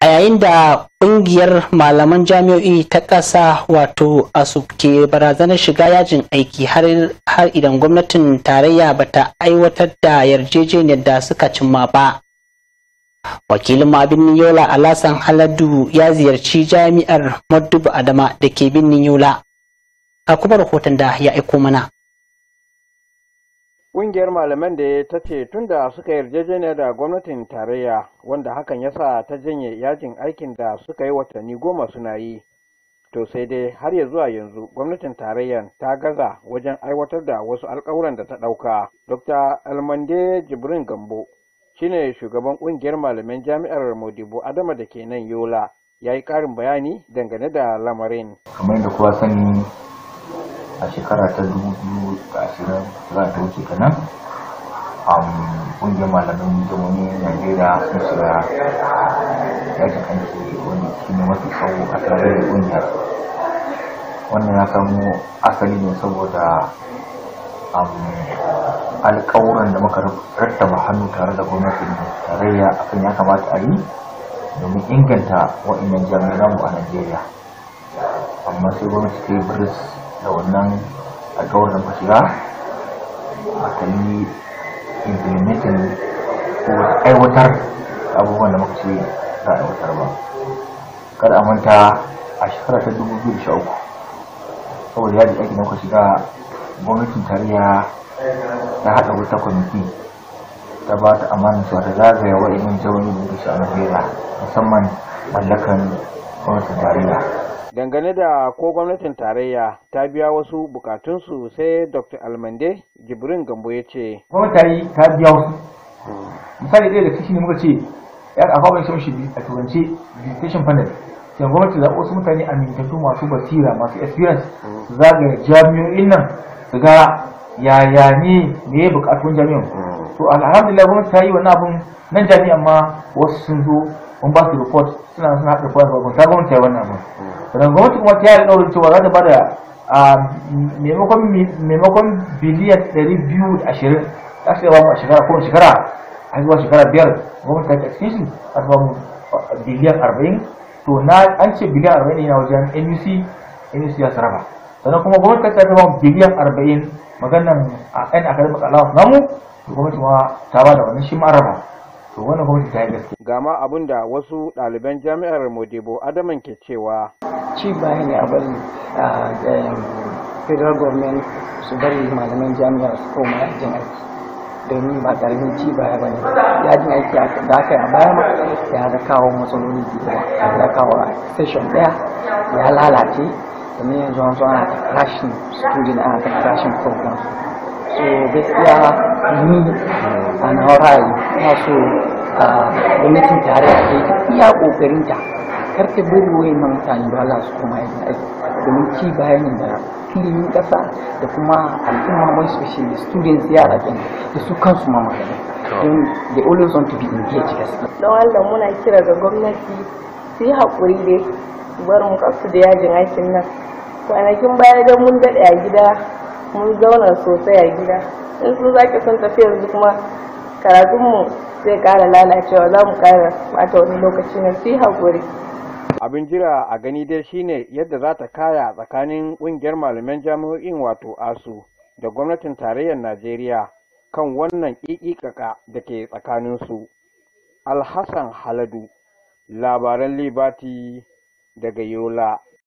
a yayin da kungiyar malaman jami'o'i ta ƙasa wato asub ke barazanar shiga yajin aiki har idan gwamnatin tarayya bata aiwatar da yarjejeniyar da suka cimma ba wakilin mabin yola alasan haladu ya ziyarci jami'ar madubu adama da ke birnin yola a kuma rahoton da ya aiko mana Ƙungiyar malaman da ta ce tun da suka yarjejeniya da gwamnatin tarayya wanda hakan ya sa ta janye yajin aikin da suka yi watanni goma suna yi. To sai dai har ya zuwa yanzu gwamnatin tarayyan ta gaza wajen aiwatar da wasu alkawuran da ta ɗauka. Dr. Almande Jibrin Gambo shi ne shugaban ƙungiyar malaman jami'ar Modibo Adama da ke nan Yola ya yi ƙarin bayani dangane da lamarin. Kamar da kuwa sani a shekara ta dubu biyu da ashirin za ta wuce kenan ƙungiyar malamin na najeriya sun shiga yakin aiki wani shi mafi tsawo a tsarin ƙungiyar wannan ya samu asali ne saboda alkawuran da muka rattaba hannu tare da gwamnatin tarayya kan ya kamata a yi domin inganta wa'annan jami'an mu a najeriya amma sai gwamnati ta yi biris da wannan alkawar da kusurwa a yi implementin ko aiwatar abubuwan da muka ce za a aiwatar ba kada a manta a shekara ta 2013 saboda yaji aiki na shiga gwamnatin tarayya ta haɗa wata kwamiti ta ba ta amanin su ta zagaya wa'in jauni da shi a musamman mallakan gwamnatin tarayya dangane da ko gwamnatin tarayya ta biya wasu bukatunsu sai dr almande jibrin gambo ya ce gwamnati ta biya wasu misali ɗaya da kashi ne muka ce ya akwai sun shi a turance visitation panel sai gwamnati zaɓo wasu mutane a mintattu masu basira masu experience zagaya jami'o'in nan su ga yaya ne me ya bukatun jami'an mm. to alhamdulillah gwamnati ta yi wani abun nan jami'an ma wasu sun zo mun ba su report suna suna haɗa report ba ta gwamnati ya wannan abin wadanda gwamnati kuma ta yi alƙawarin cewa za ta ba da maimakon biliyan ɗari biyu da ashirin za su ba mu a shekara kowane shekara a zuwa shekara biyar gwamnati ta yi cikin shi za ta ba mu biliyan arba'in to na an ce biliyan arba'in yana wajen nuc nuc ya sarrafa sannan kuma gwamnati ta ba mu biliyan arba'in maganan a yan academic allowance namu gwamnati ma ta ba da wannan shi ma araba Gama wannan ga abin da wasu ɗaliban jami'ar modibo adaman ke cewa ci bayan ne a bari um, federal government su bari malaman jami'ar su koma yajin aiki domin ba ƙarfin ci baya ba ne yajin aiki da aka yi a baya ma ya da kawo matsaloli da ya kawo session ɗaya ya lalace domin yanzu an zo ana ta crashing student ana ta crashing program so gaskiya ni a na ra'ayi ta so gwamnatin tarayya ta yi iya kokarin kar ta bari wayannan mutane ba za su koma yin aiki domin ci bayan da filin ƙasa da kuma al'umma mai da students yara kenan da su kansu ma magana don they always want to be engaged gaske. don Allah muna kira ga gwamnati su yi haƙuri dai barin kasu da yajin aikin nan kwanakin baya don mun daɗe a gida mun zauna sosai a gida in sun zaki sun tafi yanzu kuma karatunmu zai kara lalacewa za mu kara bata wani lokaci na su haƙuri. abin jira a gani dai shine yadda za ta kaya tsakanin ƙungiyar malaman jami'o'in wato asu da gwamnatin tarayyar najeriya kan wannan ƙiƙiƙaƙa da ke tsakaninsu alhassan haladu labaran libati daga yola